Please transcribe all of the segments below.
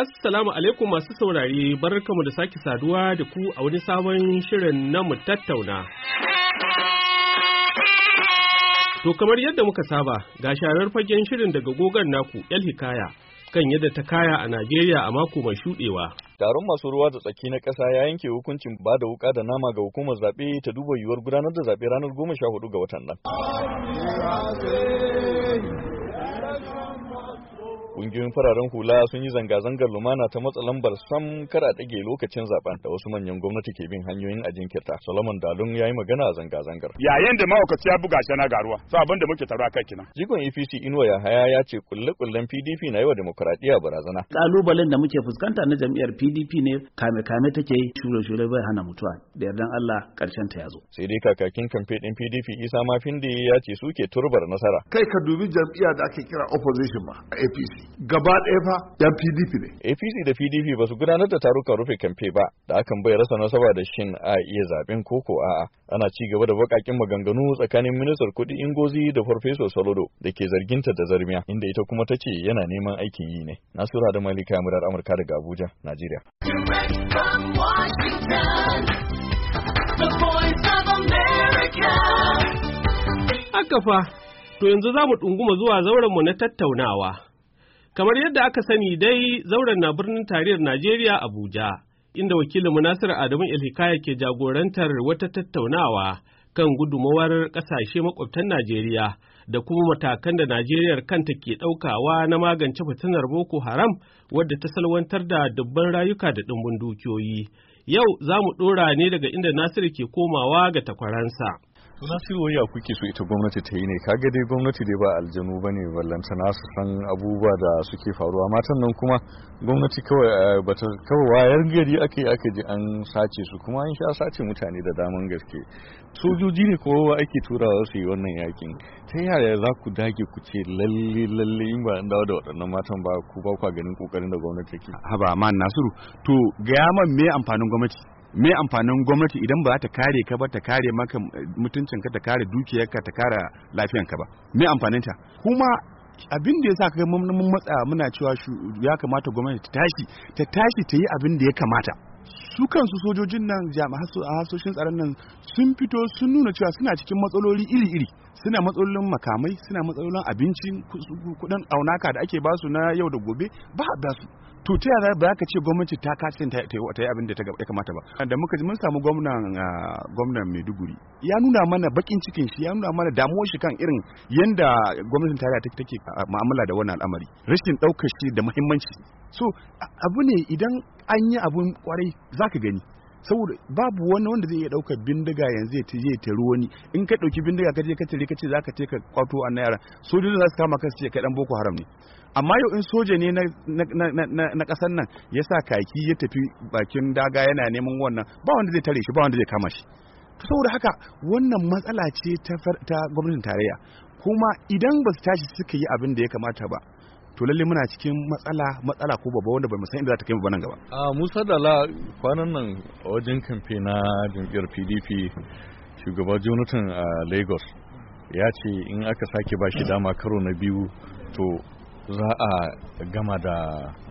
Assalamu alaikum masu saurari, barkamu da sake saduwa da ku a wani sabon shirin na mu tattauna. To kamar yadda muka saba ga sharar fagen shirin daga gogon naku El Hikaya kan yadda ta kaya a Najeriya a mako mai shuɗewa. taron masu ruwa da tsaki na ƙasa ya yanke hukuncin ba da wuka da nama ga hukumar zaɓe ta duba yiwuwar gudanar da zaɓe ranar goma sha hudu ga watan nan. kungiyoyin fararen hula sun yi zanga-zangar lumana ta matsa lambar sam kar a ɗage lokacin zaben da wasu manyan gwamnati ke bin hanyoyin a jinkirta solomon dalun ya yi magana a zanga-zangar yayin da ma'aikaci ya buga shi na garuwa su abin da muke taro kai kina jigon apc e inuwa yahaya ya ce kulle-kullen pdp na yi wa demokuraɗiyya barazana Ƙalubalen da muke fuskanta na jam'iyyar pdp ne kame-kame take ke shure-shure bai hana mutuwa da yardan allah ƙarshen ta ya zo sai dai kakakin kamfe ɗin pdp isa ma mafindi ya ce su ke turbar nasara kai ka dubi jam'iyya da ake kira opposition ma apc gaba ɗaya fa yan pdp ne apc da pdp ba su gudanar da tarukan rufe kamfe ba da akan bai rasa nasaba da shin a iya zaben ko a'a ana ci gaba da bakakin maganganu tsakanin ministar kuɗi ingozi da farfesa salodo da ke zarginta da zarmiya inda ita kuma ta ce yana neman aikin yi ne nasura da malika murar amurka daga abuja najeriya Haka fa, to yanzu za mu ɗunguma zuwa zauren mu na tattaunawa. Kamar yadda aka sani dai zauren na birnin tariyar Najeriya Abuja, inda wakilin Munasir Adamu Ilhikaya ke jagorantar wata tattaunawa kan gudumawar ƙasashe makwabtan Najeriya da kuma matakan da Najeriya kanta ke ɗaukawa na magance fitinar Boko Haram wadda ta salwantar da dubban rayuka da dimbin dukiyoyi. Yau za mu ɗora ne daga inda Nasiru ke komawa ga takwaransa. Nasiru ya kuke so ita gwamnati ta yi ne kaga dai gwamnati dai ba aljanu ba ne ballantana su san abubuwa da suke faruwa matan nan kuma gwamnati kawai eh, bata kawai wayar gari ake aka ji an sace su kuma an sha sace mutane da daman gaske sojoji ne kowa ake turawa su yi wannan yakin ta yaya za ku dage ku ce lalle lalle in ba an dawo da waɗannan matan ba ku ba ganin kokarin da gwamnati ke ba man Nasiru to ga man me amfanin gwamnati me amfanin gwamnati idan ba za ta kare ka ba ta kare maka mutuncinka ta kare dukiyarka ta kare lafiyanka ba me amfanin ta kuma abin da ya sa kaga mun matsa muna cewa ya kamata gwamnati ta tashi ta tashi ta yi abin da ya kamata su kansu sojojin nan hasoshin tsaron nan sun fito sun nuna cewa suna cikin matsaloli iri-iri suna matsalolin makamai suna matsalolin abincin kudin aunaka da ake basu na yau da gobe ba da su to ta yaya ba ka ce gwamnati ta kasance ta yi abin da ya kamata ba da muka ji mun samu gwamnan ah, gwamnan Maiduguri ya nuna mana bakin cikin shi ya nuna mana damuwa shi kan irin yanda gwamnatin tarayya take take ah, ma'amala da wannan al'amari rashin daukar shi da muhimmanci so abu ne idan an yi abun kwarai zaka gani saboda babu wani wanda zai iya ɗaukar bindiga yanzu ya tije ta wani in ka ɗauki bindiga ka je ka tire ka ce zaka ce ka kwato a na yaran sojojin za su kama ka ce kai dan boko haram ne amma yau in soja ne na ƙasar nan ya sa kaki ya tafi bakin daga yana neman wannan ba wanda zai tare shi ba wanda zai kama shi saboda haka wannan matsala ce ta gwamnatin tarayya kuma idan ba su tashi suka yi abin da ya kamata ba to lalle muna cikin matsala matsala ko babba wanda bai san inda za ta kai mu ba nan gaba a Musa Dala kwanan nan a wajen kamfe na jam'iyyar PDP shugaba Jonathan a Lagos ya ce in aka sake ba shi dama karo na biyu to za a gama da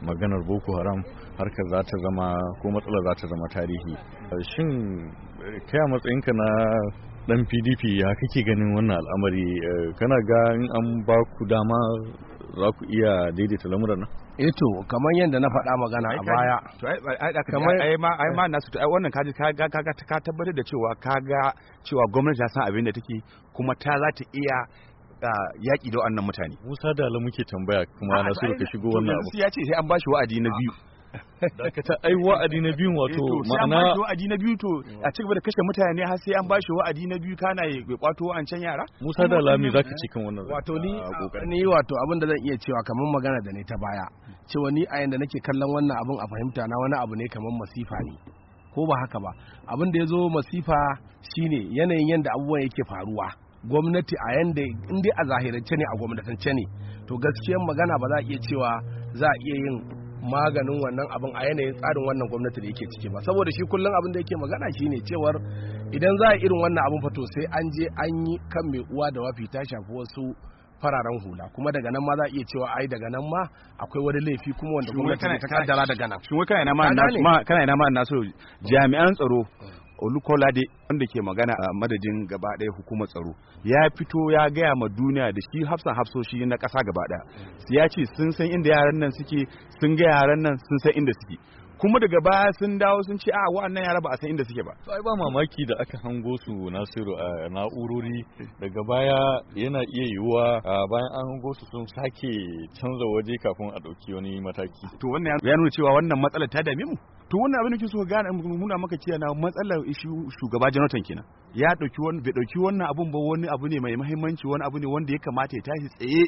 maganar boko haram harkar za ta zama ko matsalar za ta zama tarihi shin eh, kai a matsayinka na dan pdp ya kake ganin wannan al'amari eh, kana ga in an ba ku dama za ku iya daidaita lamuran nan eto eh kamar yadda na faɗa magana a baya kamar ai ma ai ma nasu To ai wannan kaji ka ga ka ka tabbatar da cewa ka ga cewa gwamnati ta san abin da take kuma ta za ta iya ah, yaƙi da wannan mutane musa da muke tambaya kuma na ka shigo wannan abu ya ce sai an bashi wa'adi na biyu dakata ai wa'adi na biyu wato eh ma'ana wa'adi na biyu to a cigaba da kashe mutane har sai an bashi wa'adi na biyu kana ya kwato an can yara Musa da Lami zaka ci kan wannan wato ni ni wato abin da zan iya cewa kamar magana da ne ta baya cewa ni a yanda nake kallon wannan abin a fahimta na wani abu ne kamar masifa ne ko ba haka ba abin da ya zo masifa shine yanayin yanda abubuwan yake faruwa gwamnati a yanda in dai a zahirance ne a gwamnatance ne to gaskiyar magana ba za a iya cewa za a iya yin maganin wannan abin a yanayin tsarin wannan gwamnati da yake ciki ba saboda shi kullum abin da yake magana shine cewar idan za a irin wannan abin fato sai an je an yi kan mai uwa da wafi ta shafi wasu fararen hula kuma daga nan ma za a iya cewa ai daga nan ma akwai wani laifi kuma wanda gwamnati ta kaddara daga nan shin kana ina ma kana ina ma nasu jami'an tsaro mm. olukolade wanda ke magana a madadin gaba ɗaya hukumar tsaro ya fito ya gaya ma duniya da shi hafsan hafsoshi na ƙasa gaba ɗaya ya ce sun san inda yaran nan suke sun ga yaran nan sun san inda suke kuma daga baya sun dawo sun ce a ah, wa'annan yara ba a san inda suke ba to ai ba mamaki da aka hango su nasiru a na'urori daga baya yana iya yiwuwa bayan an hango su sun sake canza waje kafin a ɗauki wani mataki to wannan ya nuna cewa wannan matsala ta dame mu to wannan abin da kike so gane muna maka cewa na matsalar shugaba Jonathan kenan ya ɗauki wani bai dauki wannan abun ba wani abu ne mai muhimmanci wani abu ne wanda ya kamata ya tashi tsaye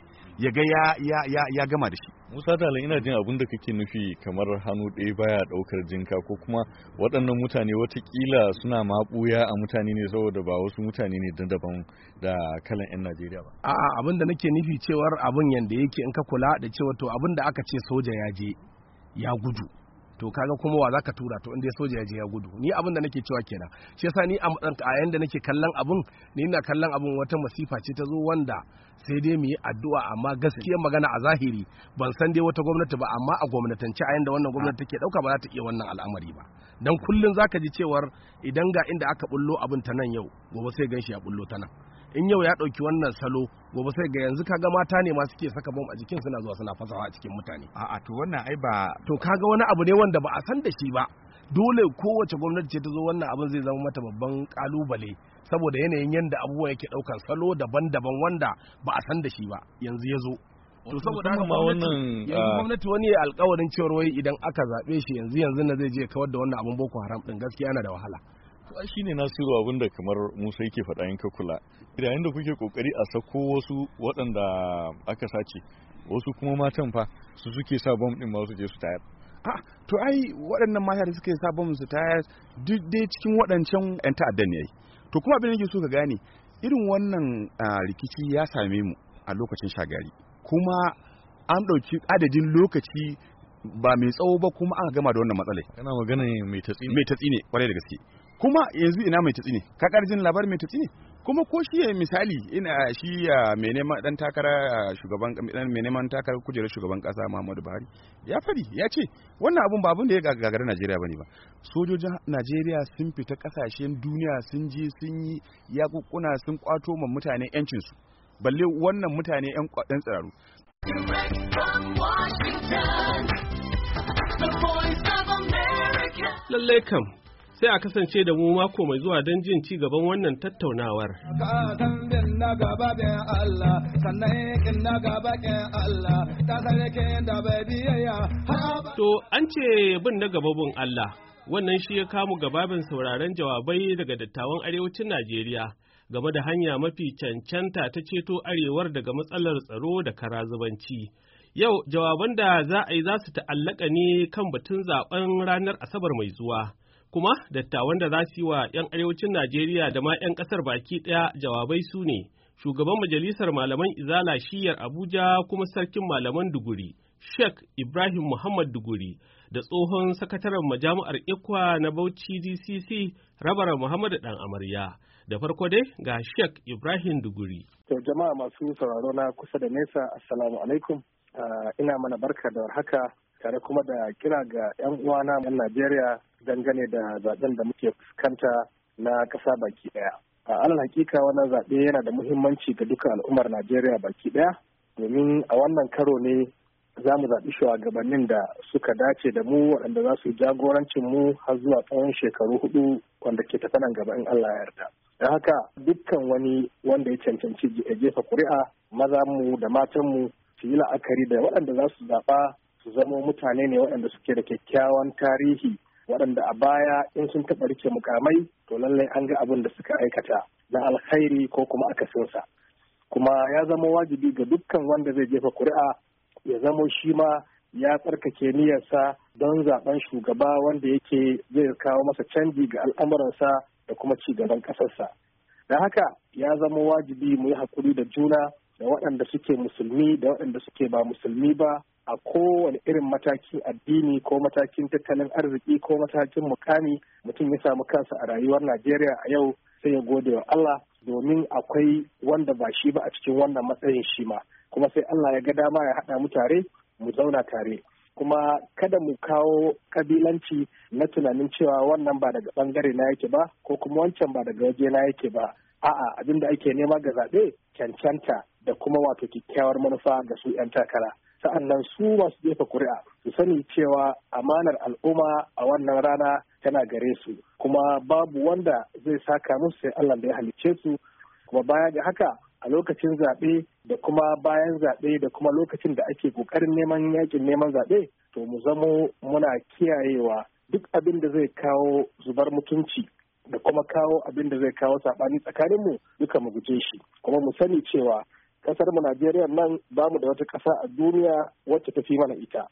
ya ga ya ya ya gama da shi Musa Dalin ina jin abin da kake nufi kamar hannu ɗaya baya Daukar jinka ko kuma waɗannan mutane watakila suna maɓuya a mutane ne saboda ba wasu mutane ne don daban da kalan 'yan Najeriya ba. A'a abin da nake nufi cewar abin yadda yake in ka kula da cewa to abin da aka ce soja ya je ya gudu. to kaga kuma wa zaka tura to inda soja ya je ya gudu ni abin da nake cewa kenan shi yasa ni a yayin da nake kallon abun ni ina kallon abun wata masifa ce ta zo wanda sai dai mu yi addu'a amma gaskiyar magana a zahiri ban san dai wata gwamnati ba amma a gwamnatance a yanda wannan gwamnati take dauka ba za ta iya wannan al'amari ba dan kullun zaka ji cewar idan ga inda aka bullo abin ta nan yau gobe sai ganshi ya bullo ta nan in yau ya ɗauki wannan salo gobe sai ga yanzu kaga mata ne ma suke saka bom a jikin suna zuwa suna fasawa a cikin mutane a'a to wannan ai ba to kaga wani abu ne wanda ba a san da shi ba dole kowace gwamnati ce ta zo wannan abin zai zama mata babban kalubale saboda yanayin yadda abubuwa yake daukan salo daban-daban wanda ba a san da shi ba yanzu ya zo to saboda haka wannan ah, gwamnati wani ya alkawarin cewar wai idan aka zaɓe shi yanzu yanzu na zai je kawar da wannan abin boko haram din gaskiya yana da wahala shi ne nasiru abin da kamar musa yake faɗa yanka kula yayin da kuke kokari a sako wasu waɗanda aka sace wasu kuma matan fa su suke sa bom ɗin ma su tayar a to ai waɗannan mata da suke sa bom su tayar duk dai cikin waɗancan yan ta'addan ne to kuma abin da yake so ka gane irin wannan rikici ya same mu a lokacin shagari kuma an ɗauki adadin lokaci ba mai tsawo ba kuma aka gama da wannan matsalai kana magana mai tatsi ne kwarai da gaske kuma yanzu ina mai tatsi ne ka karjin labar mai tatsi ne kuma ko shi misali ina shi ya mai neman dan takara shugaban mai neman takara kujerar shugaban kasa Muhammadu Buhari ya fadi ya ce wannan abun ba abun da ya gagara Najeriya bane ba sojojin Najeriya sun fita kasashen duniya sun je sun yi yakukuna sun kwato ma mutane yancin su balle wannan mutane yan kwadan tsaro lallai kam sai a kasance da mu mako mai zuwa don jin ci gaban wannan tattaunawar. To an ce bin na gaba gababin Allah, wannan shi ya kamu gababin sauraron jawabai daga dattawan arewacin Najeriya game da hanya mafi cancanta ta ceto arewar daga matsalar tsaro da kara zubanci, Yau jawaban da za a yi za su ta'allaka ne kan batun zaben ranar Asabar mai zuwa. kuma dattawan da za su yi wa 'yan arewacin Najeriya da ma 'yan ƙasar baki ɗaya jawabai su ne shugaban majalisar malaman izala shiyar Abuja kuma sarkin malaman Duguri Sheikh Ibrahim Muhammad Duguri da tsohon sakataren majami'ar Ikwa na Bauchi DCC Rabara muhammad Dan Amarya. Da farko dai ga Sheikh Ibrahim Duguri. To jama'a masu sauraro na kusa da nesa Assalamu alaikum. Ah, ina mana barka da warhaka tare kuma da kira ga 'yan uwana na Najeriya dangane da zaben da muke fuskanta na ƙasa baki ɗaya. A alal hakika wannan zaɓe yana da muhimmanci ga duka al'ummar Najeriya baki ɗaya domin a wannan karo ne za mu zaɓi shugabannin da suka dace da mu waɗanda za su jagorancin mu har zuwa tsawon shekaru hudu wanda ke tafi nan gaba in Allah ya yarda. Da haka dukkan wani wanda ya cancanci jefa ƙuri'a maza mu da matan mu su yi la'akari da waɗanda za su zaɓa su zamo mutane ne waɗanda suke da kyakkyawan tarihi waɗanda a baya in sun taɓa rike mukamai to lallai an ga abin da suka aikata na alkhairi ko kuma akasinsa kuma ya zama wajibi ga dukkan wanda zai jefa kuri'a ya zamo shi ma ya tsarkake niyyarsa don zaben shugaba wanda yake zai kawo masa canji ga al'amuransa da kuma ci gaban ƙasarsa da haka ya zama wajibi mu yi hakuri da juna da waɗanda suke musulmi da waɗanda suke ba musulmi ba a kowane irin matakin addini ko matakin tattalin arziki ko matakin mukami mutum ya samu kansa a rayuwar najeriya a yau sai ya gode wa allah domin akwai wanda ba shi ba a cikin wannan matsayin shi ma kuma sai allah ya ga dama ya haɗa mu tare mu zauna tare kuma kada mu kawo kabilanci na tunanin cewa wannan ba daga bangare na yake ba ko kuma wancan ba daga waje na yake ba a'a abinda ake nema ga zaɓe cancanta da kuma wato kyakkyawar manufa ga su 'yan takara sa'annan su masu jefa kuri'a su sani cewa amanar al'umma a wannan rana tana gare su kuma babu wanda zai saka musu sai Allah da ya halicce su kuma baya ga haka a lokacin zaɓe da kuma bayan zaɓe da kuma lokacin da ake ƙoƙarin neman yakin neman zaɓe to mu zamo muna kiyayewa duk abin da zai kawo zubar mutunci da kuma kawo abin da zai kawo saɓani tsakaninmu duka mu guje shi kuma mu sani cewa kasar mu Najeriya nan ba mu da wata ƙasa a duniya wacce ta fi mana ita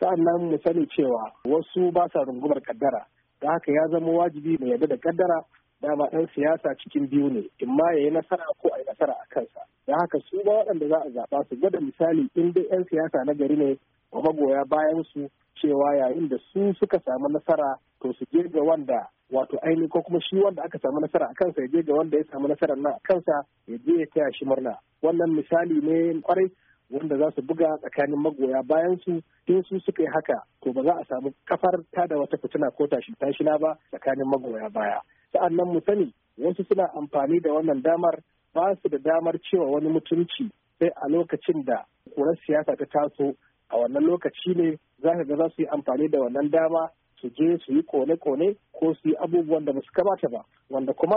sa'an nan mu sani cewa wasu ba sa rungumar kaddara da haka ya zama wajibi mu yarda da kaddara dama ɗan siyasa cikin biyu ne in ma ya yi nasara ko a yi nasara a kansa da haka su abubuwa waɗanda za a zaɓa su gwada misali in dai 'yan siyasa na gari ne wa magoya bayan su cewa yayin da su suka samu nasara to su je ga wanda wato ainihin ko kuma shi wanda aka samu nasara a kansa ya je ga wanda ya samu nasara na a kansa ya je ya taya shi murna wannan misali ne kwarai wanda za su buga tsakanin magoya bayan su in su suka yi haka to ba za a samu kafar da wata fitina ko tashi tashina ba tsakanin magoya baya Sa'annan mu sani wasu suna amfani da wannan damar ba su da damar cewa wani mutunci sai a lokacin da kurar siyasa ta taso a wannan lokaci ne za ka ga za su yi amfani da wannan dama su je su yi kone-kone ko su yi abubuwan da ba su kamata ba wanda kuma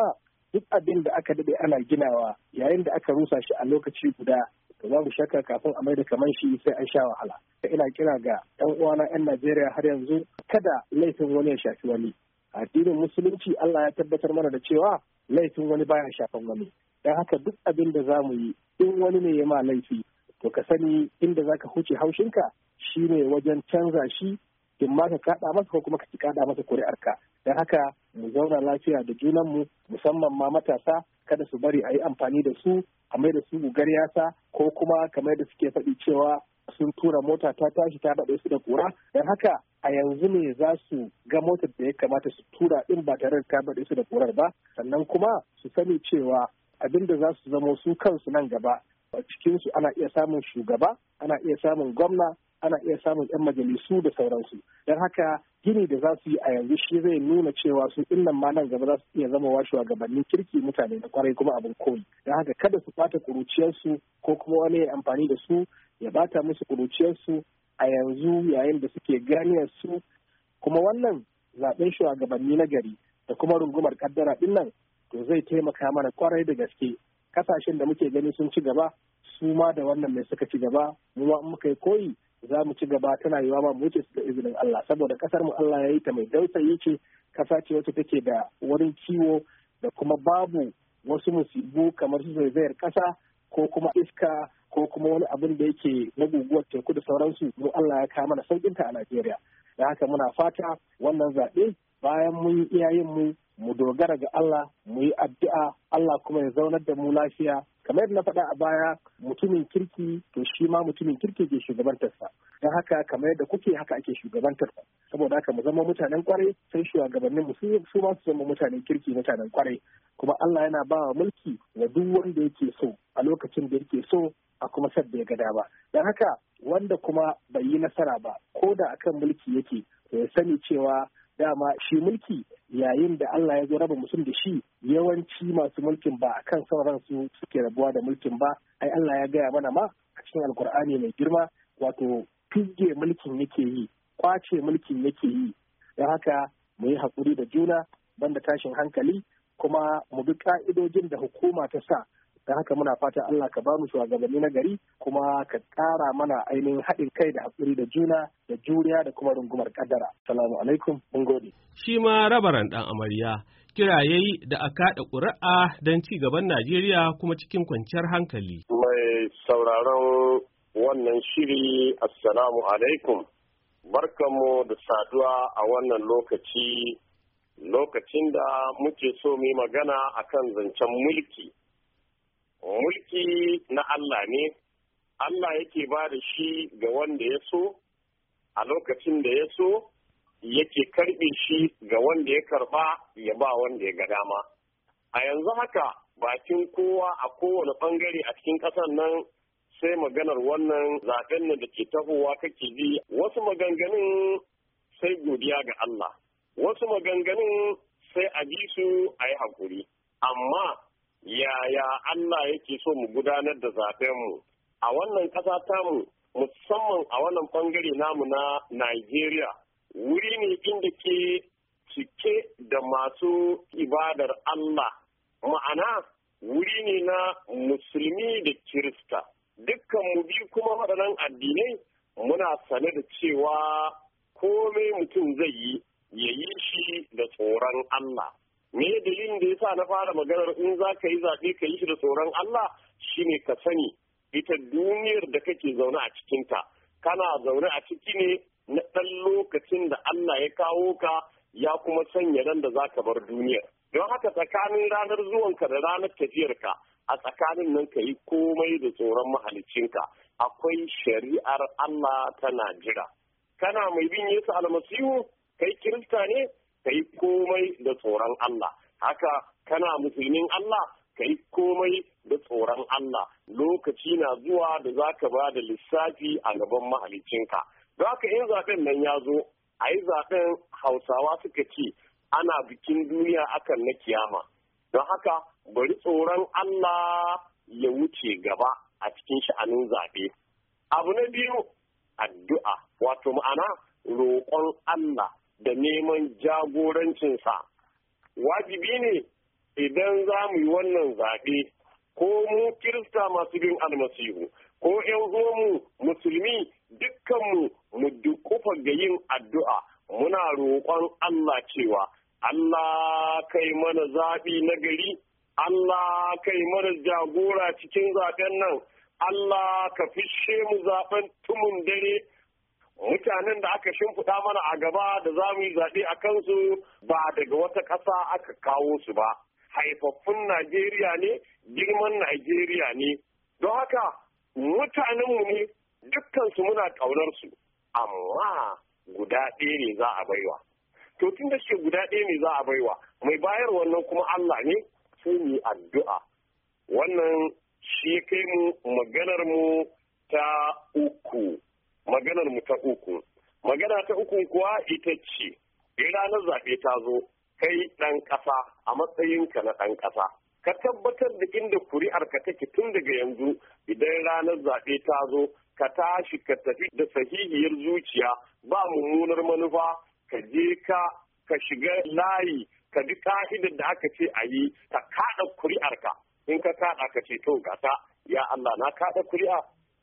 duk abin da aka daɗe ana ginawa yayin da aka rusa shi a lokaci guda to za mu shakka kafin a mai da kaman shi sai an sha wahala ina kira ga yan uwana yan Najeriya har yanzu kada laifin wani ya shafi wani addinin musulunci Allah ya tabbatar mana da cewa laifin wani baya shafan wani don haka duk abin da za mu yi in wani ne ya ma laifi to ka sani inda za ka huce haushinka shine wajen canza shi in ma ka kaɗa masa ko kuma ka kaɗa masa kuri'arka don haka mu zauna lafiya da junanmu musamman ma matasa kada su bari a yi amfani da su a mai da su gugar yasa ko kuma kamar da suke faɗi cewa sun tura mota ta tashi ta daɗe su da kura don haka a yanzu ne za su ga motar da ya kamata su tura ɗin ba tare da ta daɗe su da kurar ba sannan kuma su sani cewa abin da za su zamo su kansu nan gaba a cikinsu ana iya samun shugaba ana iya samun gwamna ana iya samun 'yan majalisu da sauransu don haka gini da za su yi a yanzu shi zai nuna cewa su innan ma nan gaba za su iya zama wa shugabannin kirki mutane da kwarai kuma abin koyi don haka kada su bata kuruciyarsu ko kuma wani ya amfani da su ya bata musu kuruciyarsu a yanzu yayin da suke ganiyar su kuma wannan zaben shugabanni na gari da kuma rungumar kaddara dinnan to zai taimaka mana kwarai da gaske kasashen da muke gani sun ci gaba su ma da wannan mai suka ci gaba mu ma muka yi koyi za mu ci gaba tana yiwa ma mu wuce da izinin Allah saboda kasar mu Allah ya yi ta mai dausayi ce kasa ce wacce take da wurin ciwo da kuma babu wasu musibu kamar su zaizayar kasa ko kuma iska ko kuma wani abin da yake na guguwar teku da sauransu mu Allah ya kama mana saukinta a Najeriya da haka muna fata wannan zaɓe bayan mun yi iyayen mu mu dogara ga Allah mu yi addu'a Allah kuma ya zaunar da mu lafiya kamar yadda na faɗa a baya mutumin kirki to shi ma mutumin kirki ke shugabantarsa don haka kamar yadda kuke haka ake shugabantar ku saboda haka mu zama mutanen kwarai sai shugabannin mu su ma su zama mutanen kirki mutanen kwarai kuma Allah yana ba wa mulki wa duk wanda yake so a lokacin da yake so a kuma da ya gada ba don haka wanda kuma bai yi nasara ba ko da akan mulki yake to ya sani cewa dama shi mulki yayin da Allah ya zo raba mutum da shi yawanci masu mulkin ba a kan sauran su suke rabuwa da mulkin ba ai Allah ya gaya mana ma a cikin alkur'ani mai girma wato fige mulkin yake yi kwace mulkin yake yi don haka mu yi haƙuri da juna banda tashin hankali kuma mu bi ka'idojin da hukuma ta sa Da haka muna fatan Allah ka ba mu shugabanni na gari kuma ka ƙara mana ainihin haɗin kai da haƙuri da juna da juriya da kuma rungumar ƙaddara. Salamu alaikum, mun gode. Shi ma rabaran ɗan amarya kira da a kaɗa ƙuri'a don ci gaban Najeriya kuma cikin kwanciyar hankali. Mai sauraron wannan shiri Assalamu alaikum. Barkanmu da saduwa a wannan lokaci lokacin da muke so mu yi magana akan zancen mulki. mulki na Allah ne Allah yake ba da shi ga wanda ya so a lokacin da ya so yake karbe shi ga wanda ya karɓa ya ba wanda ya ga dama a yanzu haka bakin kowa a kowane bangare a cikin ƙasar nan sai maganar wannan zaɓen ne da ke tahowa kake ji wasu maganganun sai godiya ga Allah wasu maganganun sai a ji su a yi hakuri amma yaya Allah yake so mu gudanar da mu a wannan ƙasa tamu musamman a wannan bangare namu na Najeriya wuri ne inda ke cike da masu ibadar Allah ma'ana wuri ne na musulmi da kirista dukkan mu biyu kuma waɗannan addinai muna sane da cewa komai mutum zai yi ya yi shi da tsoron Allah dalilin da yasa na fara maganar in za ka yi zaɓe ka yi shi da tsoron Allah shine ka sani ita duniyar da kake zaune a cikinta kana zaune a ciki ne na ɗan lokacin da Allah ya kawo ka ya kuma sanya nan da za ka bar duniyar. Don haka tsakanin ranar zuwanka da ranar tafiyarka a tsakanin nan ka yi komai da tsoron mahalicinka akwai shari'ar Allah tana jira. Kana mai bin Yesu almasihu kai kirista ne ka yi komai da tsoron Allah. haka kana musulmin Allah ka yi komai da tsoron Allah lokaci na zuwa da za ka ba da lissafi a gaban mahalicinka za ka yi zaɓen nan ya zo a yi zaɓen hausawa suka ce ana bikin duniya akan na kiyama don haka bari tsoron Allah ya wuce gaba a cikin sha'anin zaɓe abu na biyu addu'a wato ma'ana roƙon Allah da neman jagorancinsa wajibi ne idan za mu yi wannan zaɓe ko mu kirista masu bin almasihu ko yan mu musulmi dukkanmu mu dukkufa ga yin addu'a muna roƙon Allah cewa Allah kai mana zaɓi na gari Allah kai mana jagora cikin zaɓen nan Allah ka fishe mu zaɓen tumun dare mutanen da aka shimfiɗa mana a gaba da za mu yi zaɓe a kansu ba daga wata ƙasa aka kawo su ba haifaffun najeriya ne girman najeriya ne don haka mutanenmu ne dukkansu muna ƙaunarsu amma guda ɗaya ne za a baiwa to da shi guda ɗaya ne za a baiwa mai bayar wannan kuma allah ne sai mu addu'a wannan shi kai mu maganar mu ta uku maganar mu ta uku magana ta uku kuwa ita ce ranar zaɓe ta zo kai ɗan ƙasa a matsayinka na ɗan ƙasa ka tabbatar da inda kuri'ar ka take tun daga yanzu idan ranar zaɓe ta zo ka tashi ka tafi da sahihiyar zuciya ba mummunar manufa ka je ka ka shiga layi ka bi ka'idar da aka ce a yi ka kaɗa kuri'arka in ka kaɗa ka ce to gata ya Allah na kaɗa kuri'a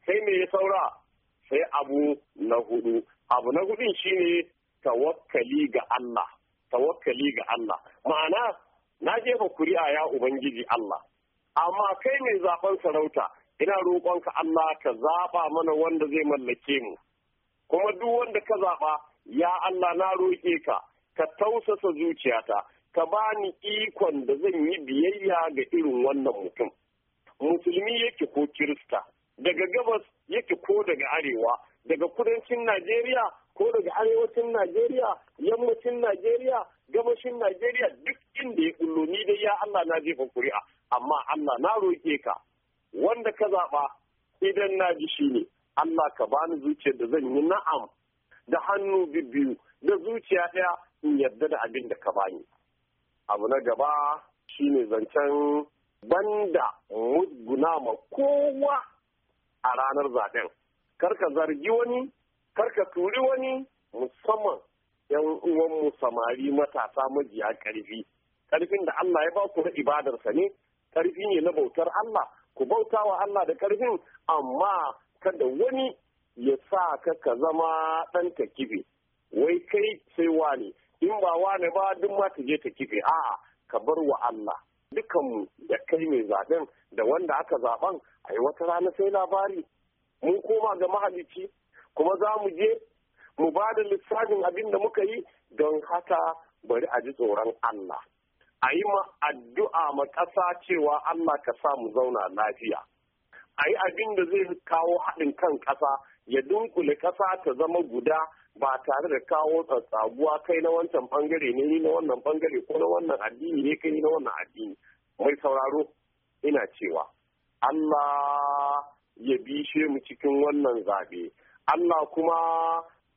sai me ya saura sai abu na hudu abu na hudun shine tawakkali ga Allah tawakkali ga Allah ma'ana na jefa kuri'a ya ubangiji Allah amma kai mai zaben sarauta ina roƙonka Allah ka zaba mana wanda zai mallake mu kuma duk wanda ka zaba ya Allah na roƙe ka ka tausasa zuciyata ka bani ikon da zan yi biyayya ga irin wannan mutum musulmi yake ko kirista daga gabas yake ko daga arewa daga kudancin najeriya ko daga arewacin najeriya yammacin najeriya gabashin najeriya duk inda ya kullo ni dai ya allah na jefa kuri'a amma allah na roke ka wanda ka zaɓa idan na ji shi ne allah ka bani zuciyar da zan yi na'am da hannu biyu da zuciya ɗaya in yarda da abin da ka bani abu na gaba shine zancen banda musguna ma kowa a ranar zaben karka zargi wani karka turi wani musamman yan uwanmu samari matasa majiya karfi karfin da Allah ya ba ku na ibadarsa ne karfi ne na bautar Allah ku bauta wa Allah da karfin amma kada wani ya sa ka ka zama ɗan ta kife wai kai sai wane in ba wane ba duk ma ta je ta kife a'a ka bar wa Allah dukanmu da kai mai zaben da wanda aka zaben a yi wata rana sai labari mun koma ga mahalicci kuma za mu je mu ba da lissafin abin da muka yi don haka bari a ji tsoron Allah a yi ma addu'a ma ƙasa cewa Allah ka sa mu zauna lafiya a yi abin da zai kawo haɗin kan ƙasa ya dunkule ƙasa ta zama guda ba tare da kawo tsatsaguwa kai na wancan bangare ne na wannan bangare ko na wannan addini ne kai na wannan addini mai sauraro ina cewa Allah ya bishe mu cikin wannan zabe Allah kuma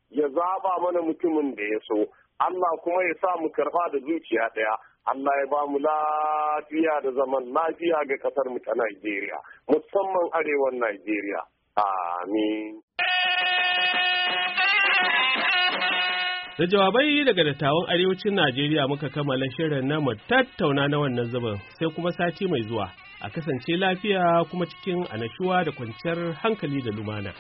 ya zaba mana mutumin da ya so Allah kuma ya sa mu karɓa da zuciya ɗaya Allah ya ba mu lafiya da zaman lafiya ga ƙasar mu ta Najeriya musamman arewan Najeriya amin Da jawabai daga dattawan arewacin Najeriya muka kammala shirin na mu tattauna na wannan zubin sai kuma sati mai zuwa. A kasance lafiya kuma cikin anashuwa da kwanciyar hankali da lumana.